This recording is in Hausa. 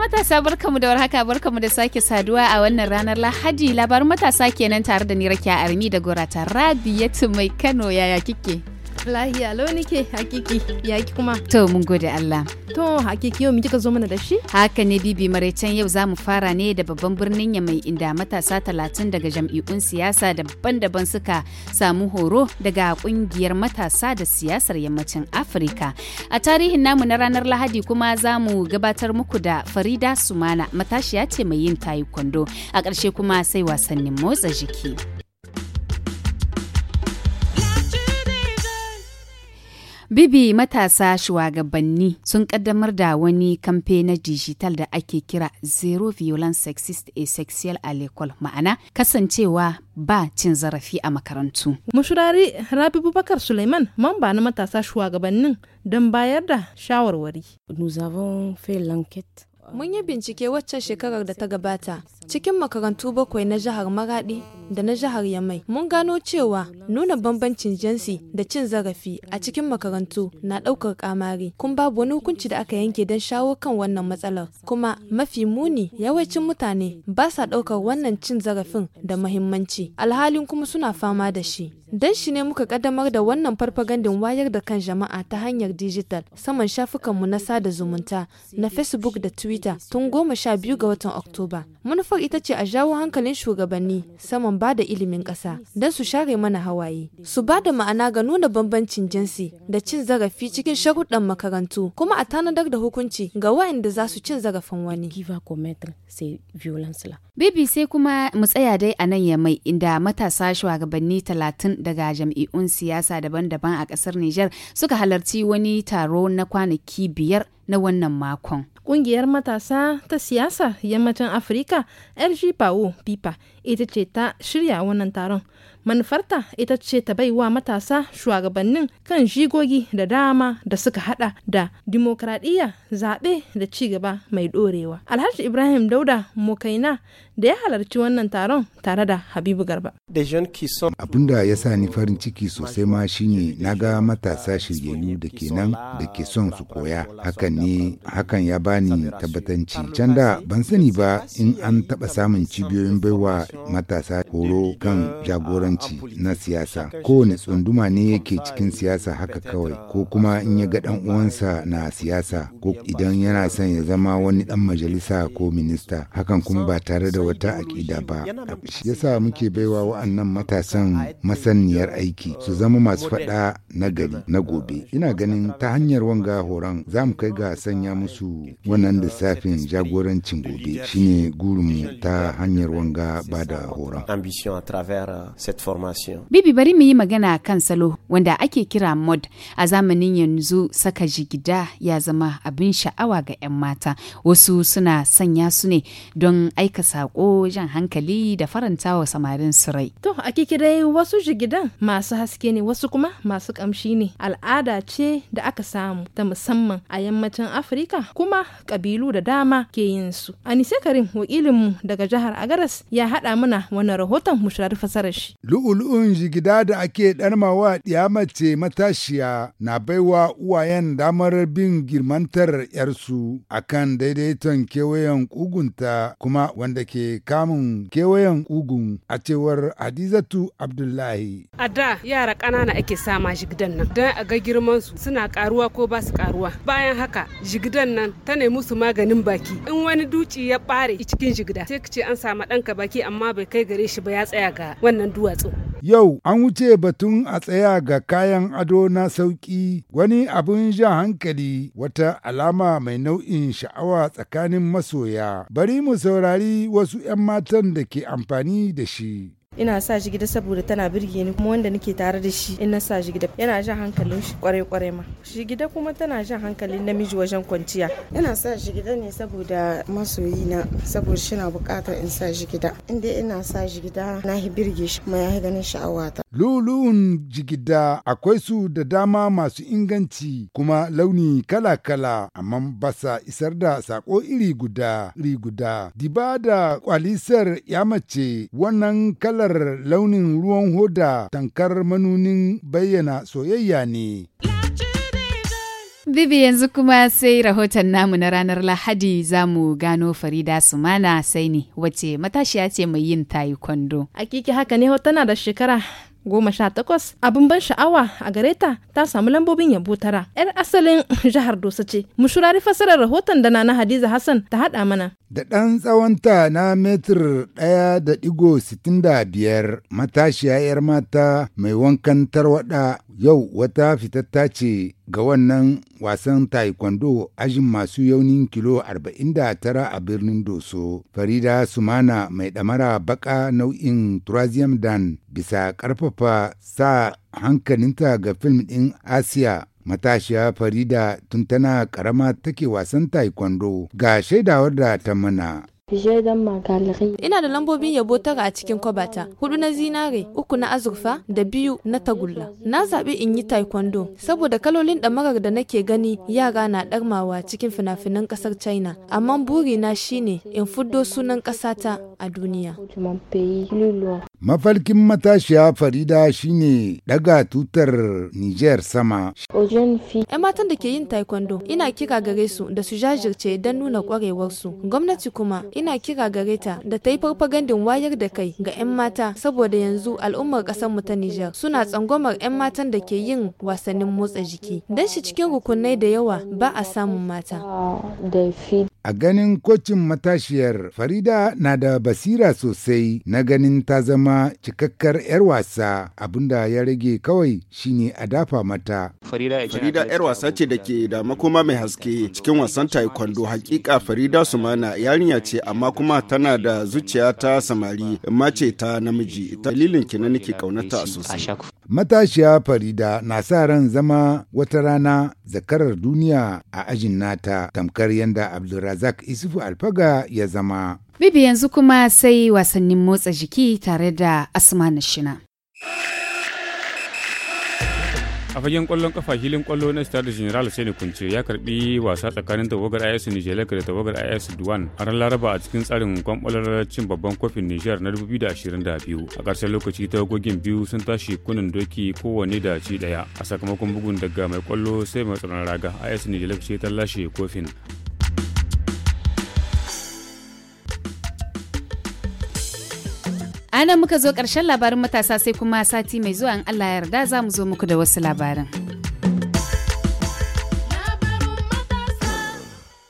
matasa barkamu da warhaka barkamu da sake saduwa a wannan ranar Lahadi labarin matasa kenan tare da ni Rakiya Armi da Gorata Rabiatu mai Kano yaya kike? lahiya lau nake hakiki ya ki kuma to mun gode Allah to hakiki yau kika zo mana da shi haka ne bibi maraicen yau zamu fara ne da babban birnin Yamai inda matasa talatin daga jam'iyyun siyasa daban-daban suka samu horo daga kungiyar matasa da siyasar yammacin Afirka a tarihin namu na ranar Lahadi kuma zamu gabatar muku da Farida Sumana matashiya ce mai yin taekwondo a ƙarshe kuma sai wasannin motsa jiki. Bibi matasa shugabanni sun kaddamar da wani kamfe na dijital da ake kira Zero Violence Sexist a Sexual Alcohol ma'ana kasancewa ba cin zarafi a makarantu. Mushurari Rabi Bubakar Suleiman mamba na matasa shugabannin don bayar da shawarwari. Mun yi bincike waccan shekarar da ta gabata Cikin makarantu bakwai na jihar Maradi da na jihar Yamai, mun gano cewa nuna bambancin jinsi da cin zarafi a cikin makarantu na ɗaukar kamari, kun babu wani hukunci da aka yanke don shawo kan wannan matsalar. Kuma mafi muni yawancin mutane ba sa ɗaukar wannan cin zarafin da mahimmanci alhalin kuma suna fama da shi. Don shi ne muka kaddamar da wannan farfagandin wayar da kan jama'a ta hanyar dijital saman shafukanmu na sada zumunta na Facebook da Twitter tun goma sha biyu ga watan Oktoba. Manufar ita ce a jawo hankalin shugabanni saman ba da ilimin ƙasa don su share mana hawaye, su ba da ma'ana ga nuna bambancin jinsi da cin zarafi cikin sharuɗan makarantu kuma a tanadar da hukunci ga da za su cin zarafin wani. BBC kuma mu tsaya dai a nan yamai inda matasa shugabanni talatin daga jam'i'un siyasa daban-daban a ƙasar Nijar suka halarci wani taro na kwanaki biyar na wannan makon. Ƙungiyar matasa ta siyasa yammacin Afirka, LG pau Pipa, ita ce ta shirya wannan taron. manufarta ita ce ta bai wa matasa shugabannin kan jigogi da dama da suka hada da dimokuraɗiyya zaɓe da ci gaba mai ɗorewa alhaji ibrahim dauda mokaina da ya halarci wannan taron tare da habibu garba abun da ya sa ni farin ciki sosai ma shine na ga matasa shiryayyu da ke nan da ke son su koya hakan ne hakan ya bani tabbatanci can da ban sani ba in an taɓa samun cibiyoyin baiwa matasa horo kan jagoran shugabanci na siyasa kowane tsunduma ne yake cikin siyasa haka kawai ko kuma in ya ga dan uwansa na siyasa ko idan yana son ya zama wani dan majalisa ko minista hakan kuma ba tare da wata akida ba yasa muke baiwa wa'annan matasan masaniyar aiki su zama masu fada na gari na gobe ina ganin ta hanyar wanga horon za mu kai ga sanya musu wannan lissafin jagorancin gobe shine gurinmu ta hanyar wanga ba da horon ambition à travers euh, cette formation. Bibi bari mu yi magana kan salo wanda ake kira mod a zamanin yanzu saka jigida ya zama abin sha'awa ga 'yan mata wasu suna sanya su ne don aika sako jan hankali da faranta farantawa samarin su rai. To a kikirai wasu jigidan masu haske ne wasu kuma masu kamshi ne al'ada ce da aka samu ta musamman a yammacin Afirka kuma kabilu da dama ke yin su. Anise Karim wakilinmu daga jihar Agaras ya haɗa mana wani rahoton mu fasarar shi. Lu'ulu'un jigida da ake ɗarmawa ɗiya mace matashiya na baiwa uwayen damar bin girmantar ‘yarsu a kan daidaiton kewayen ƙugunta kuma wanda ke kamun kewayen ƙugun a cewar Hadizatu Abdullahi. A da yara ƙanana ake sama jigidan nan don a ga girmansu suna ƙaruwa ko ba su ƙaruwa. Bayan haka jigidan nan ta nemi musu maganin baki. In wani duci ya ɓare cikin jigida sai ka ce an sama ɗanka baki amma bai kai gare shi ba ya tsaya ga wannan duwatsu. Yau an wuce batun a tsaya ga kayan ado na sauƙi wani abin jan hankali wata alama mai nau'in sha'awa tsakanin masoya. Bari mu saurari wasu 'yan matan da ke amfani da shi. ina sa shi gida saboda tana birge ni kuma wanda nake tare da shi ina sa shi gida yana jan hankalin shi kwarai kwarai ma shi gida kuma tana jan hankalin namiji wajen kwanciya ina sa shi gida ne saboda masoyina na saboda shi na bukatar in sa shi gida inda ina sa shi gida na hi birge shi kuma ya ganin sha'awata lulun jigida akwai su da dama masu inganci kuma launi kala-kala amma ba sa isar da sako iri guda iri guda diba kwalisar ya mace wannan kalar Kalar launin ruwan hoda tankar manunin bayyana soyayya ne. Bibi yanzu kuma sai rahoton namu na ranar Lahadi za mu gano Farida Sumana sai ne wace matashiya ce mai yin tayi kwando. Akiki haka ne tana da shekara goma sha takwas abin ban sha'awa a gareta ta samu lambobin yabo tara yar asalin jihar dosa ce mushurari fasarar rahoton da na hadiza hassan ta haɗa mana da ɗan tsawonta na metir ɗaya da ɗigo sittin da biyar matashiya 'yar mata mai wankan tarwaɗa yau wata fitatta ce ga wannan wasan taekwondo ajin masu yaunin kilo tara a birnin doso farida sumana mai ɗamara baƙa nau'in turazium dan bisa ƙarfafa sa hankalinta ga fim ɗin asiya matashiya farida tun tana karama take wasan taekwondo ga shaidawar da ta mana Ina da lambobin yabo tara a cikin kwabata, hudu na zinare, uku na azurfa da biyu na tagulla. Na zaɓi in yi taekwondo saboda kalolin ɗamarar da nake gani yara na ɗarmawa cikin fina-finan ƙasar China, amma burina shine in fuddo sunan ƙasata a duniya. Mafarkin matashiya Farida shine daga tutar Niger sama. ‘Yan matan da ke yin taekwondo, ina kira gare su da su jajirce don nuna kwarewarsu. Gwamnati kuma ina kira gare ta da ta yi farfagandin wayar da kai ga ‘yan mata saboda yanzu al'ummar ƙasarmu mu ta Niger suna tsangwamar ‘yan matan da ke yin wasannin motsa jiki. Don shi cikin rukunai da yawa ba a samun mata. Ah, A ganin kocin matashiyar Farida na da basira sosai na ganin ta zama cikakkar 'yar wasa abinda ya rage kawai shine a dafa mata. Farida 'yar wasa ce da ke da makoma mai haske cikin wasan taekwondo hakika Farida Sumana yarinya ce amma kuma tana da zuciya ta samari mace ta namiji ta dalilin kina nake kaunata sosai. Matashiya Farida na sa ran zama wata rana zakarar duniya a ajin nata tamkar yadda Abdulrazak Isufu Alfaga ya zama. Bibi yanzu kuma sai wasannin motsa jiki tare da Asma Shina. a fagen kwallon kafa filin kwallo na stade general sani kunce ya karbi wasa tsakanin tawagar is nijelek da tawagar is duwan a ran laraba a cikin tsarin kwamfalar cin babban kofin nijar na 2022 a ƙarshen lokaci tawagogin biyu sun tashi kunin doki kowanne da ci daya a sakamakon bugun daga mai kwallo sai mai tsaron raga is nijelek ce ta lashe kofin A muka zo ƙarshen labarin matasa sai kuma sati mai zuwa in Allah ya yarda za mu zo muku da wasu labarin.